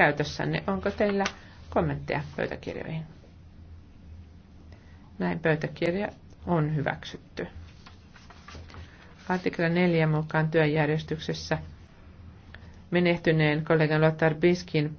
käytössänne. Onko teillä kommentteja pöytäkirjoihin? Näin pöytäkirja on hyväksytty. Artikla 4 mukaan työjärjestyksessä menehtyneen kollegan Lothar Biskin